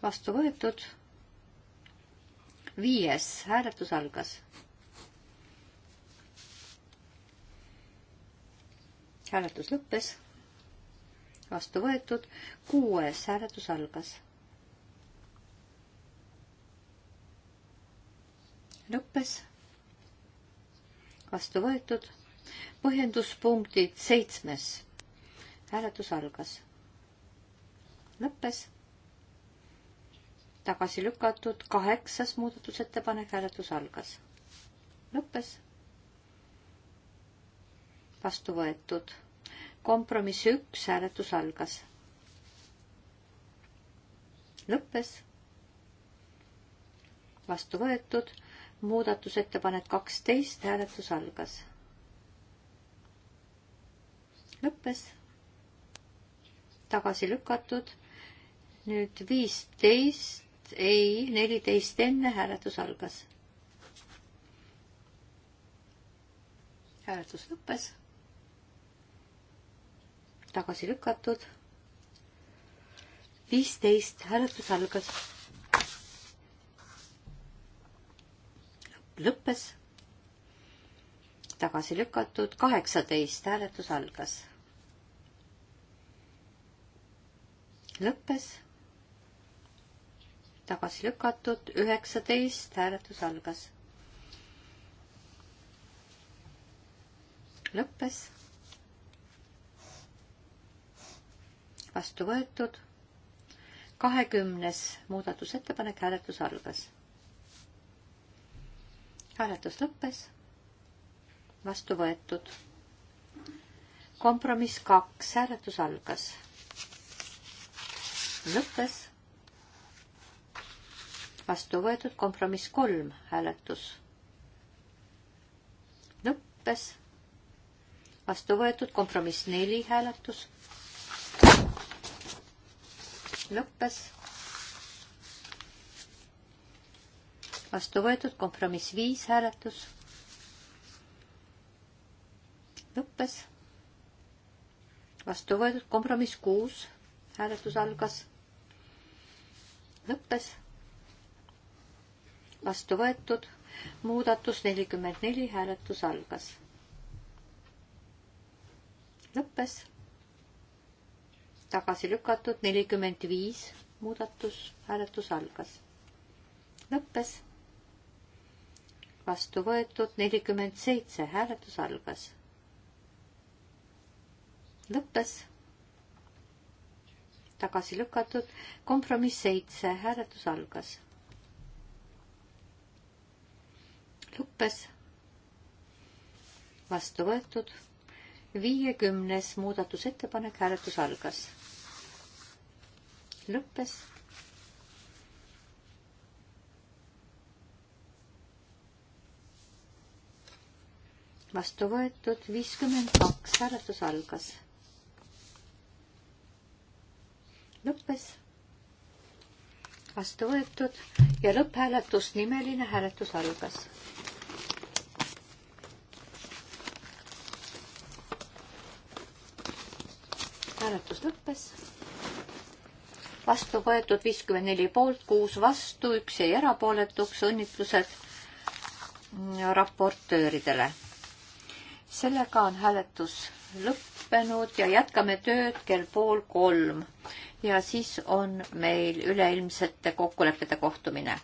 vastu võetud. viies hääletus algas. hääletus lõppes. vastu võetud. kuues hääletus algas. lõppes. vastu võetud. põhjenduspunktid seitsmes. hääletus algas. lõppes tagasi lükatud, kaheksas muudatusettepanek, hääletus algas. lõppes. vastu võetud. kompromiss üks, hääletus algas. lõppes. vastu võetud. muudatusettepanek kaksteist, hääletus algas. lõppes. tagasi lükatud nüüd viisteist ei, neliteist enne hääletus algas. hääletus lõppes. tagasi lükatud. viisteist, hääletus algas. lõppes. tagasi lükatud, kaheksateist, hääletus algas. lõppes tagasi lükatud, üheksateist, hääletus algas. lõppes. vastu võetud. kahekümnes muudatusettepanek, hääletus algas. hääletus lõppes. vastu võetud. kompromiss kaks, hääletus algas. lõppes vastu võetud, kompromiss kolm hääletus lõppes, vastu võetud, kompromiss neli hääletus lõppes, vastu võetud, kompromiss viis hääletus lõppes, vastu võetud, kompromiss kuus hääletus algas lõppes vastu võetud, muudatus nelikümmend neli, hääletus algas. lõppes. tagasi lükatud nelikümmend viis, muudatus, hääletus algas. lõppes. vastu võetud nelikümmend seitse, hääletus algas. lõppes tagasi lükatud, kompromiss seitse, hääletus algas lõppes. vastu võetud. viiekümnes muudatusettepanek, hääletus algas. lõppes. vastu võetud viiskümmend kaks, hääletus algas. lõppes vastu võetud ja lõpphääletus, nimeline hääletus algas. hääletus lõppes. vastu võetud viiskümmend neli poolt, kuus vastu, üks jäi erapooletuks, õnnitlused raportööridele. sellega on hääletus lõppenud ja jätkame tööd kell pool kolm ja siis on meil üleilmsete kokkulepete kohtumine